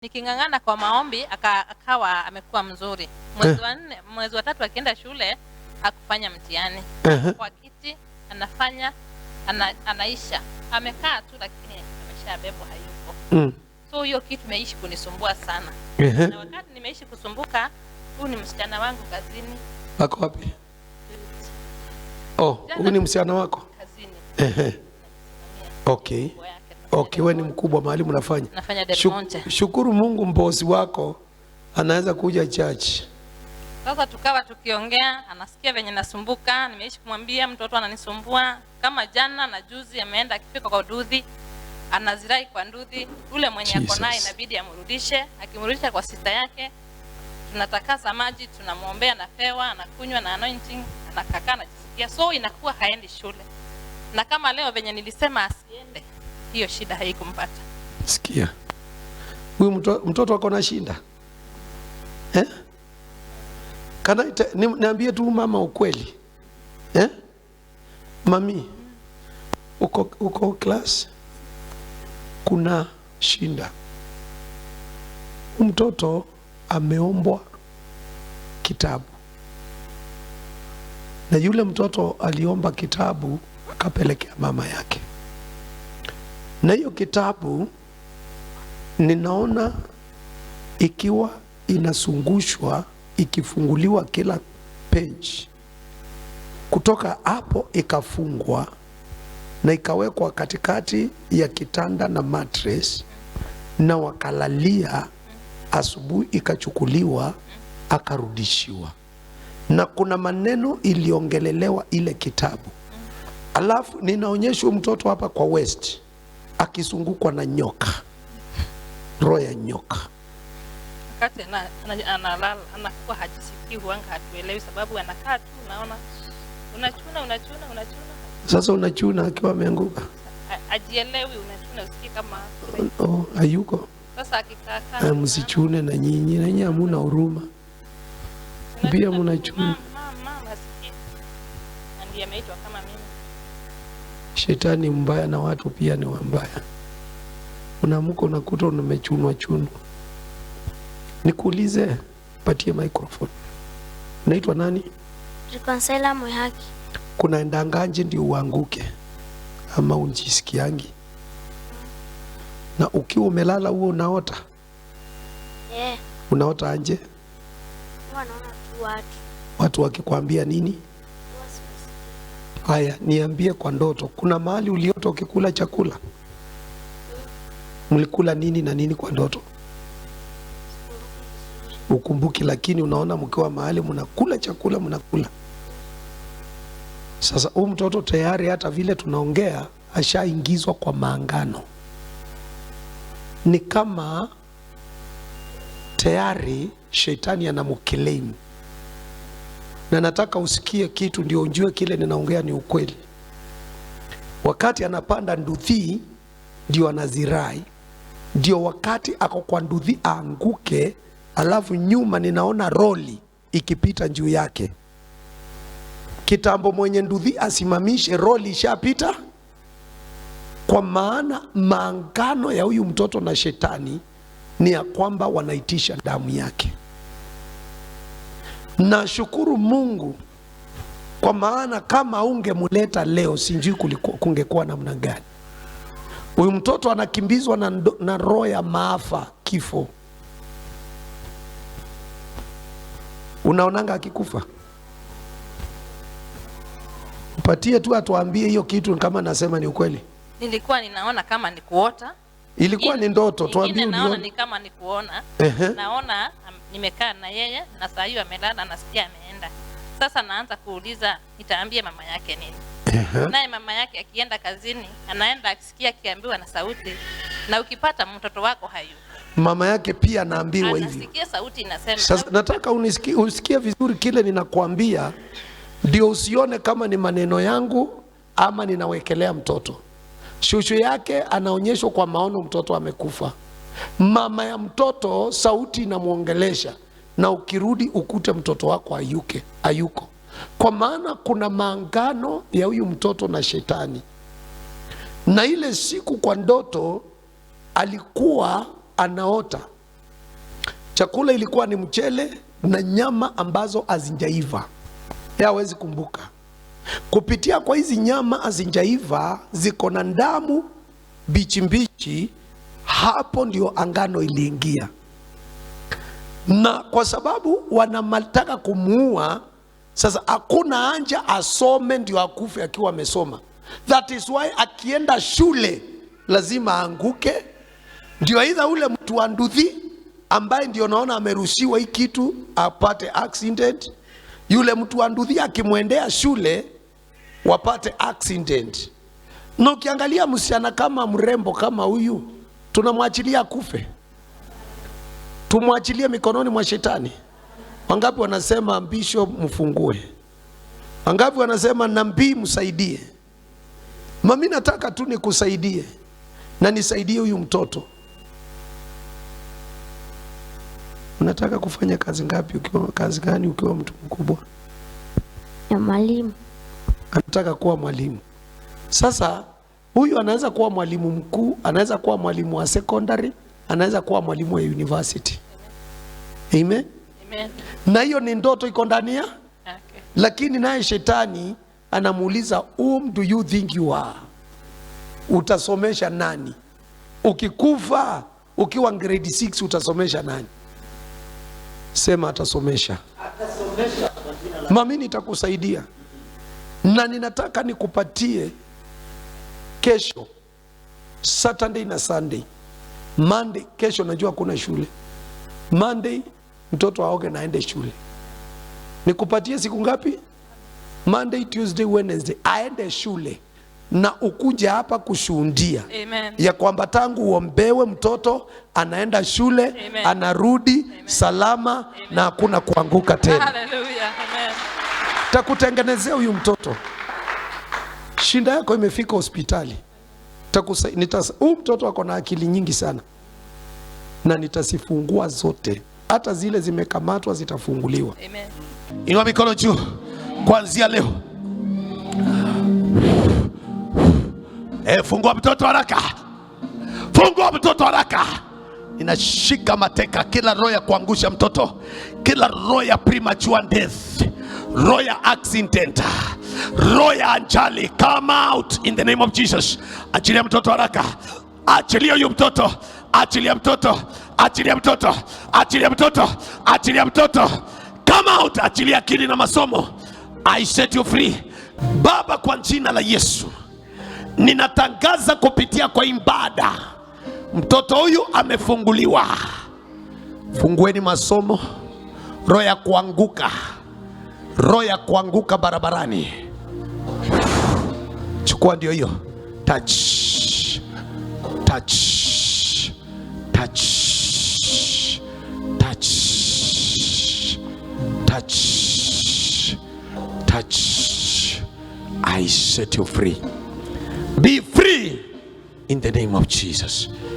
niking'ang'ana kwa maombi akawa amekuwa mzuri. Mwezi eh. wa nne, mwezi wa tatu akienda shule akufanya mtihani uh Kwa kiti anafanya ana, anaisha amekaa tu, lakini ameshabebwa hayupo mm. So hiyo kitu imeishi kunisumbua sana eh. Na wakati nimeishi kusumbuka, huu ni msichana wangu kazini. Ako wapi? Oh, huyu ni msichana wako kazini. uh Okay. Okay, wewe ni mkubwa mahali mnafanya. Nafanya Del Monte. Shukuru Mungu mbozi wako anaweza kuja church. Sasa tukawa tukiongea, anasikia venye nasumbuka, nimeishi kumwambia mtoto ananisumbua kama jana na juzi ameenda akifika kwa dudhi, anazirai kwa dudhi, ule mwenye ako naye inabidi amrudishe, akimrudisha kwa sita yake. Tunatakasa maji, tunamwombea na fewa, anakunywa na anointing, anakakaa anajisikia. So inakuwa haendi shule. Na kama leo venye nilisema asiende, hiyo shida haikumpata. Sikia huyu mtoto wako na shida eh? Kana ni, niambie tu mama ukweli eh? Mami, uko uko class, kuna shinda. Mtoto ameombwa kitabu na yule mtoto aliomba kitabu akapelekea mama yake na hiyo kitabu ninaona ikiwa inasungushwa ikifunguliwa kila page, kutoka hapo ikafungwa na ikawekwa katikati ya kitanda na mattress, na wakalalia. Asubuhi ikachukuliwa akarudishiwa, na kuna maneno iliongelelewa ile kitabu. Alafu ninaonyeshwa mtoto hapa kwa West akizungukwa na nyoka, roho ya nyoka wakati analala anakuwa hajisikii, huanga hatuelewi sababu, anakaa tu, unaona unachuna unachuna unachuna. Sasa unachuna akiwa ameanguka, ajielewi, unachuna usikii kama oh, hayuko. Sasa akikaa kama msichune, na nyinyi na nyinyi hamuna huruma pia, mnachuna mama, mama sikii, ndiye ameitwa kama mimi Shetani mbaya na watu pia ni wambaya. Unaamka unakuta umechunwa chunwa. Nikuulize, patie microphone. Unaitwa nani? Reconciler Mwihaki. Kunaendangaje ndio uanguke ama unjisikiangi? Na ukiwa umelala huo unaota? Yeah. Unaota anje? naona tu watu. Watu wakikwambia nini? Haya, niambie kwa ndoto, kuna mahali uliota ukikula chakula? Mlikula nini na nini kwa ndoto? Ukumbuki, lakini unaona mkiwa mahali mnakula chakula, mnakula. Sasa huu mtoto tayari, hata vile tunaongea, ashaingizwa kwa maangano. Ni kama tayari shetani anamclaim na nataka usikie kitu ndio ujue kile ninaongea ni ukweli. Wakati anapanda nduthi ndio anazirai, ndio wakati ako kwa nduthi aanguke, alafu nyuma ninaona roli ikipita juu yake. Kitambo mwenye nduthi asimamishe, roli ishapita, kwa maana maangano ya huyu mtoto na shetani ni ya kwamba wanaitisha damu yake. Nashukuru Mungu kwa maana kama ungemuleta leo, sijui kungekuwa namna gani. Huyu mtoto anakimbizwa na, na roho ya maafa, kifo. Unaonanga akikufa patie tu atuambie hiyo kitu, kama nasema ni ukweli. Nilikuwa ninaona kama ni kuota, ilikuwa ni ndoto. Tuambie, naona ni kama ni kuona, naona nimekaa na yeye na saa hiyo amelala, nasikia ameenda. Sasa naanza kuuliza nitaambie mama yake nini? Naye mama yake akienda kazini, anaenda akisikia akiambiwa na sauti, na ukipata mtoto wako hayu mama yake pia anaambiwa hivyo. Sasa nataka unisikie, usikie vizuri kile ninakwambia, ndio usione kama ni maneno yangu ama ninawekelea mtoto. Shushu yake anaonyeshwa kwa maono mtoto amekufa. Mama ya mtoto sauti inamwongelesha, na ukirudi ukute mtoto wako ayuke ayuko, kwa maana kuna maangano ya huyu mtoto na Shetani. Na ile siku kwa ndoto alikuwa anaota chakula, ilikuwa ni mchele na nyama ambazo hazinjaiva, ya hawezi kumbuka. Kupitia kwa hizi nyama hazijaiva ziko na damu bichi hapo ndio angano iliingia, na kwa sababu wanamataka kumuua sasa, hakuna anja asome ndio akufe akiwa amesoma. That is why akienda shule lazima aanguke, ndio aidha ule mtu wa nduthi ambaye ndio naona amerushiwa hii kitu apate accident, yule mtu wa nduthi akimwendea shule wapate accident. Na ukiangalia msichana kama mrembo kama huyu tunamwachilia kufe, tumwachilie mikononi mwa shetani. Wangapi wanasema mbisho mfungue? Wangapi wanasema nambii msaidie? Mami, nataka tu nikusaidie na nisaidie huyu mtoto. Unataka kufanya kazi ngapi ukiwa, kazi gani ukiwa mtu mkubwa? Ya mwalimu. Anataka kuwa mwalimu sasa Huyu anaweza kuwa mwalimu mkuu, anaweza kuwa mwalimu wa secondary, anaweza kuwa mwalimu wa university. Amen. Amen. Na hiyo ni ndoto iko ndani ya okay. Lakini naye shetani anamuuliza whom um, do you think you are? Utasomesha nani? Ukikufa ukiwa grade 6 utasomesha nani? Sema atasomesha, atasomesha. Mami nitakusaidia na ninataka nikupatie kesho Saturday na Sunday. Monday kesho najua kuna shule. Monday mtoto aoge naende shule. Nikupatie siku ngapi? Monday, Tuesday, Wednesday aende shule na ukuja hapa kushuhudia ya kwamba tangu uombewe mtoto anaenda shule Amen. Anarudi Amen. salama Amen. na hakuna kuanguka tena. Hallelujah. Amen. Takutengenezea huyu mtoto. Shida yako imefika hospitali, huu mtoto ako na akili nyingi sana, na nitazifungua zote, hata zile zimekamatwa zitafunguliwa. Amen. Inua mikono juu kuanzia leo. E, fungua mtoto haraka, fungua mtoto haraka. Inashika mateka kila roho ya kuangusha mtoto, kila roho ya premature death roho ya accident, roho ya ajali come out in the name of Jesus. Achilia mtoto haraka, achilia huyu mtoto, achilia mtoto, achilia mtoto, achilia mtoto, achilia mtoto come out, achilia akili na masomo. I set you free. Baba, kwa jina la Yesu ninatangaza kupitia kwa ibada, mtoto huyu amefunguliwa. Fungueni masomo, roho ya kuanguka roho ya kuanguka barabarani, chukua ndio hiyo touch, touch, touch, touch, touch, touch. I set you free. Be free in the name of Jesus.